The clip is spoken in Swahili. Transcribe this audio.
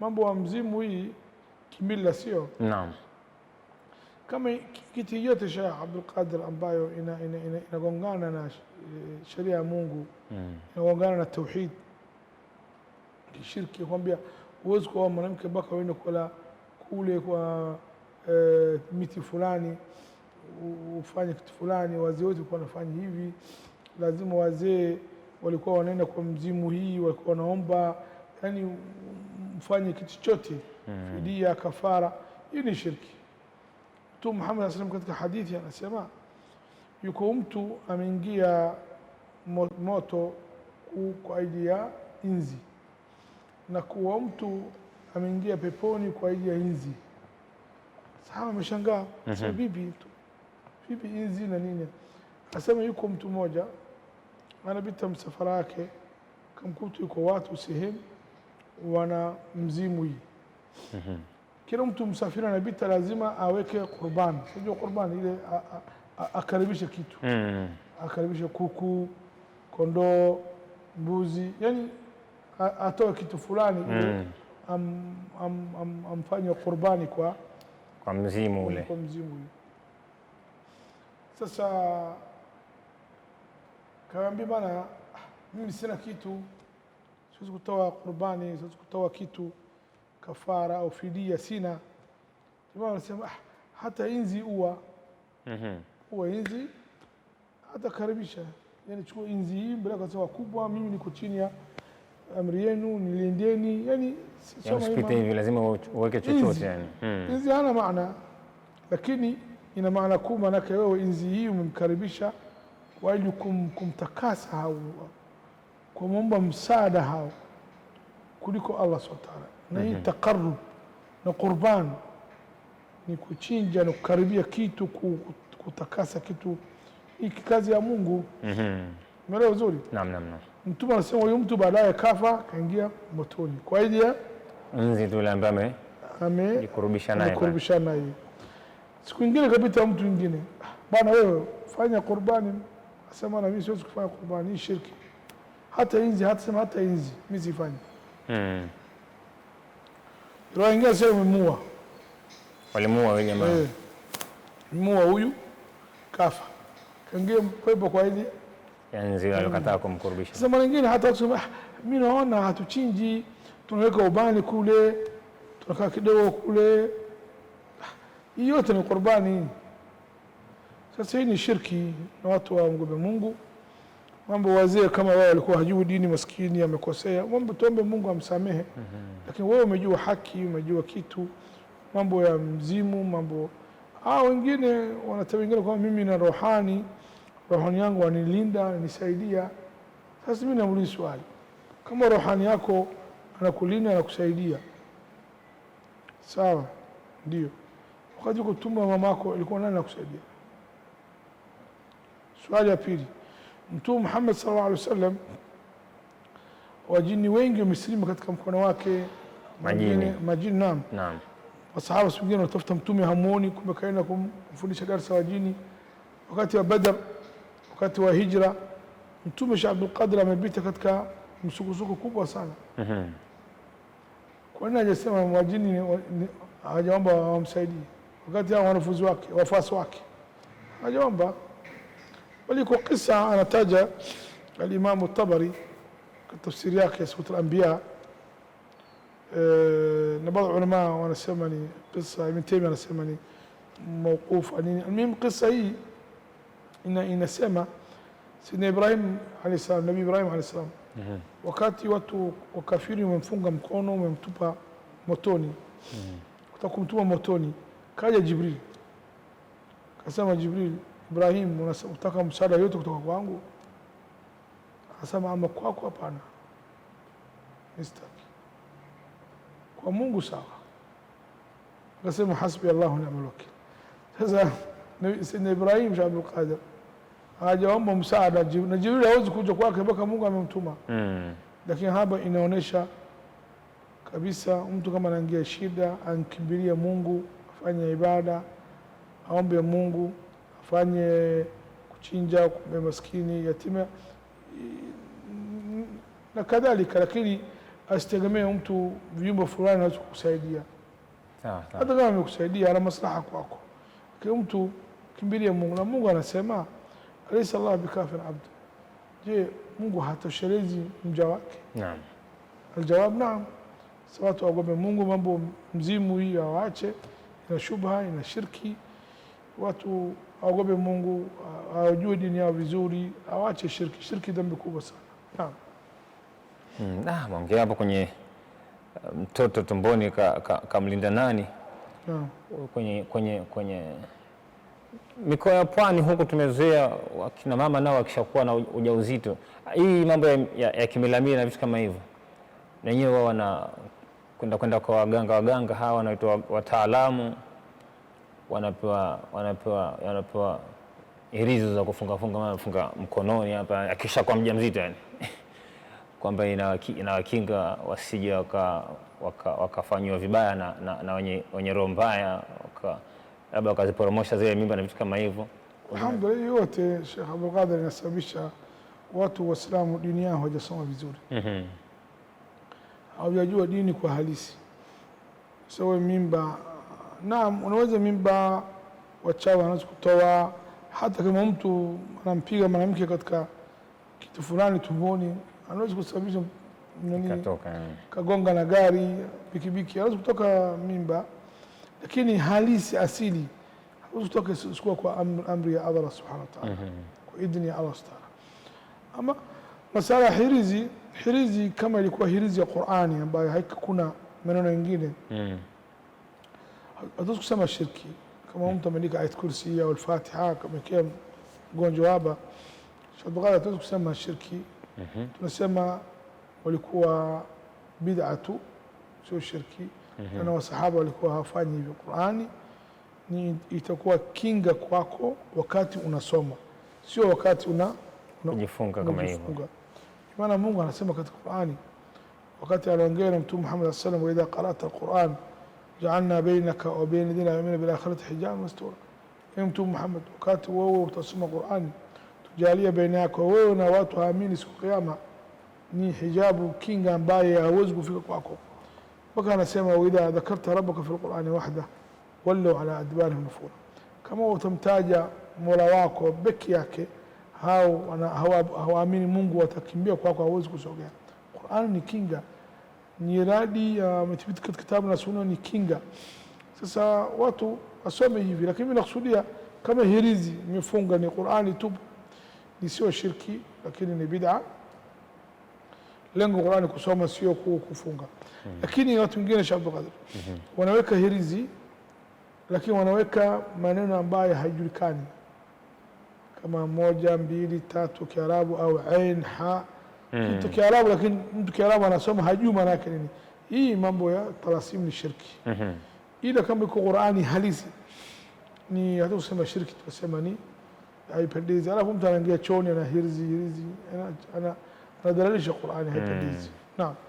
mambo ya mzimu hii kimila, sio naam, kama kiti yote Sheikh Abdul Qadir ambayo inagongana ina, ina, ina na sheria ya Mungu mm. inagongana na tauhid kishirki, kwambia huwezi kuoa mwanamke mpaka uende kula kule kwa e, miti fulani ufanye kitu fulani. Wazee wote walikuwa wanafanya hivi, lazima wazee walikuwa wanaenda kwa mzimu hii, walikuwa wanaomba yani mfanye kitu chochote mm. fidia, kafara, hiyo ni shirki. Mtume Muhammad sallallahu alaihi wasallam katika hadithi anasema, yuko mtu ameingia moto kwa ajili ya inzi na kuwa mtu ameingia peponi kwa ajili ya inzi. Sahaba ameshangaa mm-hmm. sema, vipi vipi inzi na nini? anasema yuko mtu mmoja anapita msafara yake, kamkuta yuko watu sehemu wana mzimu hii. Mhm. Kila mtu msafiri anapita lazima aweke qurbani, sijua qurbani ile akaribishe kitu. Mhm. Akaribishe kuku, kondoo, mbuzi, yani atoe kitu fulani. mm Am, am, am, amfanye qurbani kwa kwa mzimu ule, kwa mzimu ule. Sasa kawambi bana, mimi sina kitu siwezi kutoa qurbani, siwezi kutoa kitu kafara au fidia, sina. Jamaa wanasema ah, hata inzi uwa mm uwa inzi hata karibisha, yani chukua inzi hii mbele sababu kubwa, mimi niko chini ya amri yenu, nilindeni. Yani yaani sipite hivi, lazima uweke chochote yani. Hmm. Inzi hana maana, lakini ina maana kuu, maanake wewe inzi hii umemkaribisha kwa ajili kumtakasa au kumwomba msaada hao kuliko Allah subhanahu wa ta'ala. Na hii mhm. takarub na qurban ni kuchinja na kukaribia kitu, kutakasa kitu, hii kazi ya Mungu. Mhm. Umeelewa vizuri? Naam, naam, naam. Mtume anasema huyu mtu baadaye kafa kaingia motoni kwa ajili ya nzi ile ambaye amejikurubisha naye. Siku ingine kapita mtu mwingine, ah, bwana, wewe fanya qurbani. Asema na mimi siwezi kufanya qurbani, hii shirki hata inzi hatasema hata inzi mimi sifanyi. Mm. Roho ingia sio mmua Walimuua wale jamaa. Eh. mmua huyu kafa. Kaingia pepo kwa ile yani zile alokataa hmm. kumkurubisha. Sasa mara nyingine hata kusema mimi ah, naona hatuchinji, tunaweka ubani kule, tunakaa kidogo kule. Ah, Hiyo yote ni kurbani. Sasa hii ni shirki na watu wa Mungu mambo wazee kama wao walikuwa hajui dini, maskini amekosea, mambo tuombe Mungu amsamehe. mm -hmm. Lakini wewe umejua haki, umejua kitu, mambo ya mzimu, mambo ah, wengine wanatabingana kwamba mimi na rohani, rohani yangu wanilinda, nisaidia. Sasa mimi namuuliza swali, kama rohani yako anakulinda, anakusaidia, sawa, ndio wakati uko mamako ilikuwa nani anakusaidia? Swali ya pili Mtume Muhammad sallallahu alaihi wasallam wajini wengi wamesilima katika mkono wake majini, majini naam, naam. Wasahaba wengine wanatafuta mtume hamuoni, kumbe kaenda kumfundisha darsa wajini. Wakati wa Badr, wakati wa Hijra, mtume Sheikh Abdul Qadir amepita katika msukusuku kubwa sana. Mhm. Kwa nini hajasema wajini, hajaomba wamsaidie, wakati hao wanafunzi wake wafuasi wake hajaomba waliko kisa anataja alimamu Tabari tafsiri yake Surat al-Anbiya eh, na baadhi ulama wanasema ni kisa, Ibn Taymiyyah anasema ni mawqufa nini. Almuhimu, kisa hii ina inasema Sidna Ibrahim alayhi salam, Nabii Ibrahim alayhi salam, mhm. wakati watu wakafiri wamemfunga mkono, wamemtupa motoni, mhm. kutaka kumtuma motoni, kaja Jibril, kasema Jibril ibrahim unataka msaada yote kutoka kwangu? Akasema, ama kwako hapana, nistaki kwa Mungu. Sawa, akasema hasbi Allahu ni'mal wakil. Sasa Saidna Ibrahim Shah Abdul Qadir hajaomba msaada na Jibril hawezi kuja kwake mpaka Mungu amemtuma. Mm. Lakini hapa inaonyesha kabisa mtu kama anaingia shida, ankimbilia Mungu, afanye ibada, aombe Mungu ufanye kuchinja, kumbea maskini, yatima na kadhalika, lakini asitegemee mtu vyumba fulani aweze kukusaidia. Hata kama amekusaidia ana maslaha kwako, lakini mtu kimbilia Mungu, na Mungu anasema alaysa Allah bikafin abdu, je, Mungu hatoshelezi mja wake? Naam, aljawab naam. Sawa, watu Mungu, mambo mzimu hii awaache, ina shubha, ina shirki watu waogope Mungu, hawajue dini yao vizuri, awache shirki. Shirki dhambi kubwa sana. Naam. Hmm, ah, mwongea hapo kwenye eh, mtoto tumboni kamlinda ka, ka nani? Naam. Kwenye, kwenye, kwenye mikoa ya pwani huku tumezoea wakina mama nao wakishakuwa na ujauzito, hii mambo ya, ya, ya kimilamila na vitu kama hivyo, na wenyewe wao wana kwenda kwenda kwa waganga waganga hawa wanaitwa wataalamu wanapewa wanapewa wanapewa hirizo za kufunga funga mkononi hapa, akisha kwa mjamzito yani kwamba inawakinga wasije wakafanyiwa waka vibaya na, na, na wenye, wenye roho mbaya labda wakaziporomosha zile mimba na vitu kama hivyo. Alhamdulillah, yote Sheikh Abdul inasababisha watu Waislamu dini yao hawajasoma vizuri, mhm. hawajajua mm -hmm. dini kwa halisi, so mimba naam, unaweza mimba wachawi wanaweza kutoa, hata kama mtu anampiga mwanamke katika kitu fulani tumboni, anaweza kusababisha nini, eh. kagonga na gari, pikipiki, anaweza kutoka mimba, lakini halisi asili hawezi kutoka isikuwa kwa amri ya Allah subhanahu wa ta'ala, mhm. kwa idhini ya Allah subhanahu wa ta'ala. ama masala hirizi, hirizi kama ilikuwa hirizi ya Qur'ani ambayo haikuna maneno mengine mm hatuwezi kusema shirki kama mtu ameandika Ayat Kursi au Al-Fatiha kamekea mgonjwa hapa shadbaghala, hatuwezi kusema shirki. Tunasema walikuwa bid'a tu, sio shirki, na wasahaba walikuwa hawafanyi hivyo. Qur'ani ni itakuwa kinga kwako wakati unasoma, sio wakati una unajifunga kama hivyo. Maana Mungu anasema katika Qur'ani wakati aliongea na Mtume Muhammad sallallahu alaihi wasallam, wa idha qara'ta al-Qur'an jacalnaa baynaka wa bayna dina yumina biaakhirati xijaaban mastuura imtuu maxamed ukaati wowow tasuma qur'aan tujaaliya baynaka wawowna watu haamini siku qiyaama ni hijabu kinga ambaye hawezi kufika kwako mpaka anasema waidha dhakarta rabbaka fi lqur'ani waxda wallow ala adbaarihim nufura kama utamtaja mola wako beki yake hao hawaamini Mungu watakimbia kwako, hawezi kusogea. Qur'ani ni kinga ni radi ya imethibiti katika kitabu na sunna ni kinga. Sasa watu wasome hivi, lakini mimi nakusudia kama hirizi mifunga ni Qur'ani tu, ni sio shirki, lakini ni bid'a. Lengo Qur'ani kusoma sio kufunga, mhm. lakini watu wengine Sheikh Abdul Qadir mhm. wanaweka hirizi, lakini wanaweka maneno ambayo hajulikani kama moja, mbili, tatu Kiarabu au ain ha Hmm. mtu Kiarabu, lakini mtu Kiarabu anasoma hajui maana yake nini. Hii mambo ya talasimu ni shirki, hmm. ila kama iko Qurani halisi ni hata usema shirki, tunasema ni haipendezi. Alafu mtu anaingia choni ana hirzi hirzi, anadhalalisha Qurani, haipendezi. Hmm. Naam.